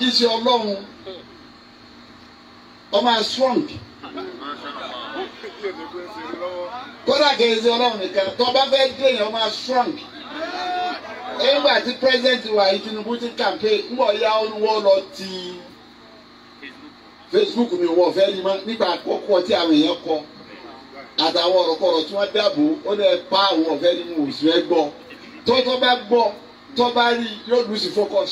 jíṣẹ́ ọlọ́run ọmọ strong kódà kèézé ọlọ́run nìkan tó bá fẹ́ dé yẹn ọmọ strong nígbà tí president wa yìí Tinubu ti campaign ń bọ̀ ya olúwo lọ ti Facebook mi wọ̀ fẹ́ ni mọ́ nígbà àkọ́kọ́ tí àwọn èèyàn kọ àtàwọn ọ̀rọ̀kọ̀rọ̀ tí wọ́n dábò ó lè pa àwọn ọ̀fẹ́ nínú òṣù ẹ gbọ́ tó tó bá gbọ́ tó bá rí yóò lose focus.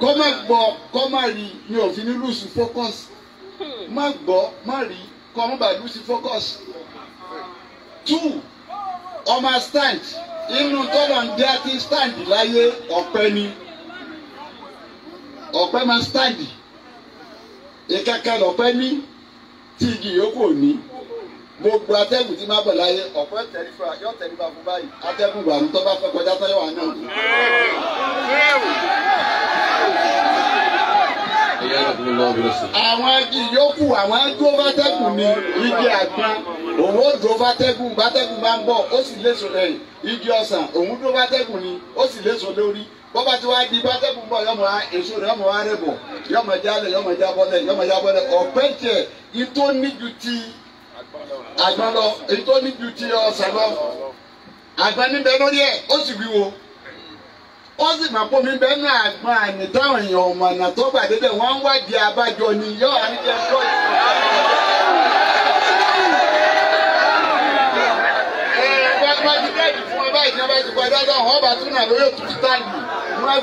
kọ́ má gbọ́ kọ́ má rí mi ò fi lose focus má gbọ́ má rí kọ́ má bàa lose focus. two ọmọ stand inú tọ́lọ̀ ń dá tí stand láyé ọ̀pẹ ni ọ̀pẹ máa stand ìkẹ́kẹ́ lọ̀pẹ ní tí igi yòókù mo gba atẹ́gùn tí má bọ̀ láyé ọ̀pọ̀ tẹ̀lifà yọ tẹ̀lifà fún báyìí atẹ́gùn wà ní tọ́ba fẹ́ kọjá sáyọ̀ wà náà. àwọn igi yòókù àwọn dúró bátẹ́gùn ni igi àgbọn òun ó dúró bátẹ́gùn bátẹ́gùn bá ń bọ̀ ó sì léso lẹ́yìn eh, igi ọ̀sán òun dúró bátẹ́gùn ni ó sì léso lórí bọ́ba tí wàá di bátẹ́gùn bọ̀ yọmọ èso rẹ̀ yọmọ wa rẹ̀ bọ̀ yọmọ jálẹ̀ yọmọ jábọ́lẹ̀ yọmọ jábọ́lẹ̀ ọ̀pẹ́ tiẹ̀ itó níju ti àgbọn lọ èyí tó ní ju ti ọsàn lọ àgbọn níbẹ̀ lórí ẹ̀ ó sì wíwo ó sì máa bómi bẹ́ẹ̀ náà àgbọn àmì táwọn èèyàn ọmọ ọ̀nà tó gbà débẹ̀ wọ́n ń wádìí abájọ ni yọ àríjẹ ẹjọ́ ìfọ̀ wọ́n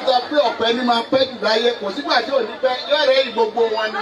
sọ pé ọ̀pẹ ni máa pẹ́ jù láyé kò sígbà tí ò ní pẹ́ yọ̀rẹ́ ìgbogbo wọn ni.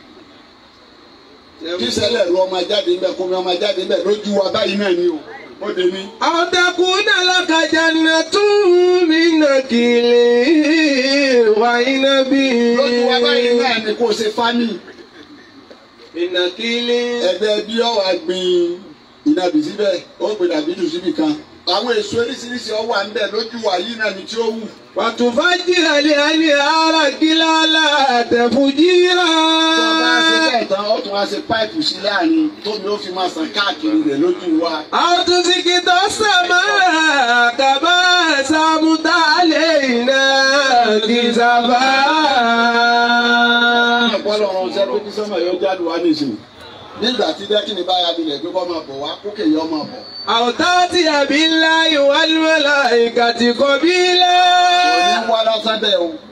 tíṣẹlẹ̀ lu ọmọ jáde ńbẹ kó mi ọmọ jáde ńbẹ lójú wa báyìí náà ni o ó de mi. ọ̀dẹ̀kùn náà lọ́kàjà nà tún mí nà kìlì wà iná bí. lójú wa báyìí náà ni kò ṣe fámì. ìnàkìlì. ẹgbẹ́ bí ọ̀wà gbin ìnàbì síbẹ̀ ó gbin dàbídù síbì kan àwọn èso oríṣiríṣi ọwọ́ à ń bẹ̀ lójú wa yìí náà ni tí ó wù. wàtúfájì àlè àlè ara kí lálá ó tún wá ṣe páìpù sí láàrin tómi ó fi máa sàn káàkiri rẹ̀ lójú wa. àtúntìkì tó sàmà kàbá sàmúta lè nà kì í sábà. ọ̀pọ̀lọpọ̀ ọ̀rọ̀ ṣẹ́ pé kí sọ́mọ̀ yóò jáde wá nísìnyí nígbà tí dẹ́kìnì bá yabi lẹ̀ gbogbo ọmọ bọ̀ wá kókè yọ ọmọ bọ̀. àwòtá ti ẹ̀bí ńlá ìwádìí ìkàtìkọ̀ bí lẹ́. òní wá lọ́sẹ̀ bẹ́ẹ̀ o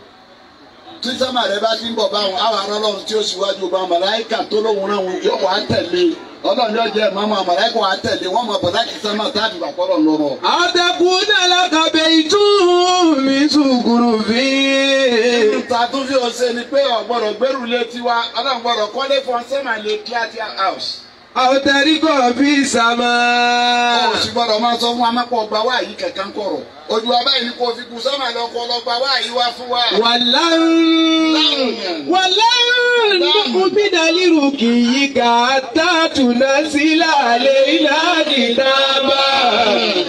tí sábà rẹ bá ti ń bọ̀ báwọn àwọn ará ọlọ́run tí ó síwájú bá màláìkà tó lóun náà wọn yóò wá tẹ̀lé ọlọ́run yóò jẹ́ ìmọ̀ àwọn màláìkà wá tẹ̀lé wọ́n mọ̀ bọ̀ láti sábà tábì wà pọ́lọ̀ lọ́rọ̀. àdàkùn dàlá kàbẹ ìtún mi sùkúrù fi. ta tún fi ọ̀sẹ̀ ni pé ọ̀gbọ́dọ̀ gbẹ́rù létí wa ọlọ́run gbọ́dọ̀ kọ́lé fún ọ àwòtẹ́rí kò fi sàmà. o sì gbọ́dọ̀ máa sọ fún amápọ̀ ọgbà wá yìí kankan kọ̀rọ̀ ojú abá yìí ni kò fi kùn sọ́mà lọ kọ́ lọ́gbà wá yìí wá fún wa. wàláhùn wàláhùn lókun bí dalilu kì í ga tààtù náà sílẹ̀ àlè iná dìdábà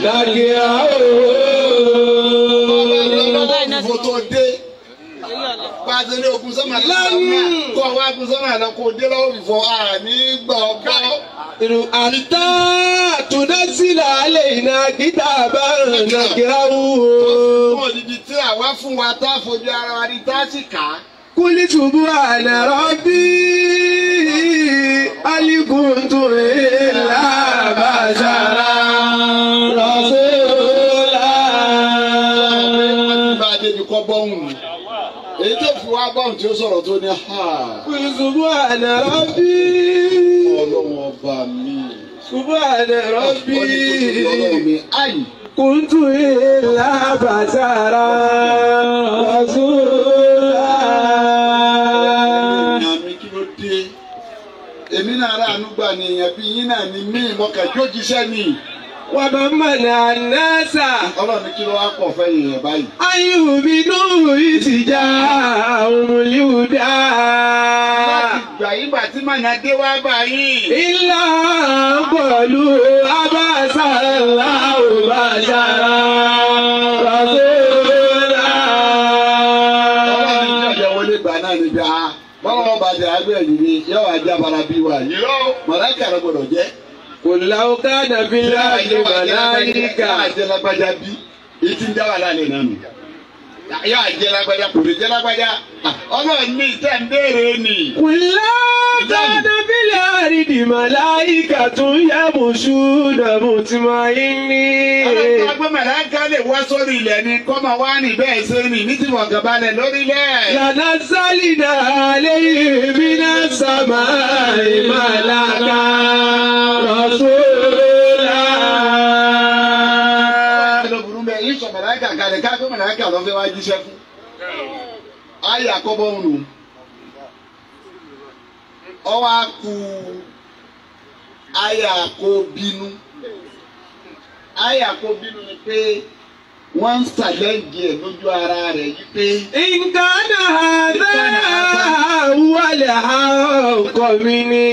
lágẹ̀ àwò gbélé ogun sọ́mà lọ́wọ́ kó wá gun sọ́mà lọ kó dé lọ́wọ́ àní gbọ́ gbọ́. Ìrù sílẹ̀ alẹ́ iná kíta bá rìnà kíráwó. Mo dìdí tí àwa fún wa tá a fojú ara wa ní tá a àná rọ́bí. agbáhùn tí ó sọ̀rọ̀ tó ní ha. Subhana Rabbi. Ọlọ́run ọba mi. Subhana Rabbi. Ọlọ́run mi ayi. Kuntu illa basara. Rasula. Ìyàmí kí ló Èmi náà rà ànúgbà nìyẹn bí yín náà ni mí mọ̀kàjọ́ jíṣẹ́ nìyí wà bá mọ̀nà ànásà. ọlọ́run ní kí ló wá pọ̀ fẹ́ yìnyín báyìí. ayíwò mi lóhùn ìsìjà òmùlíwù dá. láti gbà yígbà tí mọ̀nà dé wá bá yìí. ilá pọ̀lú abáṣà ńlá ò bá ṣàrà. Báwo bàjẹ́ àgbẹ̀ ni yóò wá jábára bí wa yìí. Mọ̀lẹ́kẹ̀ ló gbọ́dọ̀ jẹ́ kò láwọ ká nàbí láàyè màláyíkà. àjẹ lágbájá bí etí ń dá wà láàyè náà nù. yóò àjẹ lágbájá kò lè jẹ lágbájá ọmọ mi tẹ̀ ń béèrè nì. kò láwọ ká nàbí láàyè màláyíkà tún yá mọ̀ṣú dàbò tí màá yín ní. ọlọ́run tó agbọ́n màláyíkà lè wá sórí ilẹ̀ ni kọ́mọ wá ní bẹ́ẹ̀ ṣe ni ní tìmọ̀ gàbalẹ̀ lórílẹ̀. yàrá sálì náà lè rí bí náà sàmáì màláyíkà. lọ fẹ́ wá jíṣẹ́ fún ayé àkọ́bọ̀ ń lò ọwọ́ á ku ayé àkọ́bínú ayé àkọ́bínú ni pé wọ́n ń ṣàlẹ́ǹgì ẹ̀ lójú ara rẹ̀ yí pé. nǹkan náà rẹ̀ wọlé ọkọ mi ni.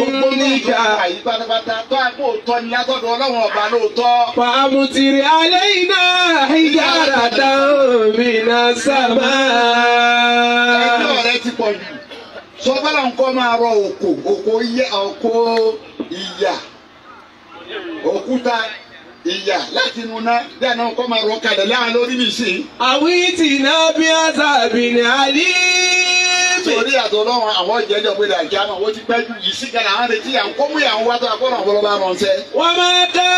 gbogbo ṣá. àyí pátápátá tó àgbò tọ́ ni látọ̀dọ̀ ọlọ́run ọba lóòótọ́. fàmùtìrì alẹ́ iná ìyára dáhùn mí náà sábà. ẹgbẹ́ ọ̀rẹ́ ti pọ̀ jù sọ́gbàlà ńkọ́ máa rọ òkò òkò ìyà òkúta ìyà láti inú ná bí àná ńkọ́ máa rọ kalẹ̀ láàrin lórí mi sí. àwítì náà bí àtàbí ni àlè nítorí àtọ̀ lọ́wọ́ àwọn jẹjọ pé dàjẹ́ àmọ́ wọ́n ti gbẹ́jú yìí sí kan àwọn retí à ń ìyàwó wá tó akọ́nà ọ̀pọ̀lọpọ̀ bá wọn wọ́n máa tẹ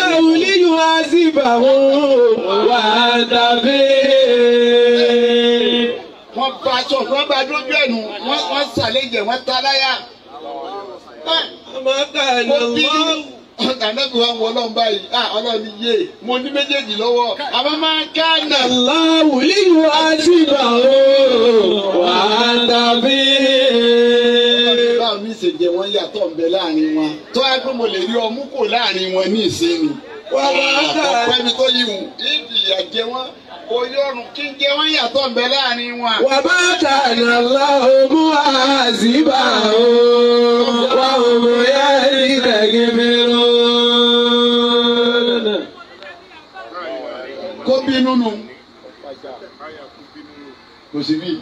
ẹ̀rù níyùn wá sí ìbàwọ̀ dàbí. wọ́n bá aṣọ wọ́n bá dójú ẹ̀nu wọ́n sàlẹ̀ jẹ̀ wọ́n ta láyà. wọ́n máa kà ẹ̀ lọ́wọ́ ànábì wa ń wọ ọlọ́run báyìí à ah, ọlọ́run ni yé mo ní méjèèjì lọ́wọ́ àmọ́ máa ká nà. láwùlí yóò á sì ó wà á dàbí. báwo mi ṣe wọn yàtọ̀ ń bẹ láàrin wọn tó a pé mo lè rí ọmú kò láàrin wọn ní ìsinmi. wọ́n bá dà ọ̀pọ̀ ẹni tó yìí wù ìdìyà jẹ wọn oyórun kí n jẹ wọn yàtọ̀ ń bẹ láàrin wọn. wà á bá tàyàn lọ́wọ́ mú àzíbà ó wà ó mú yá. bínú kò sí bí.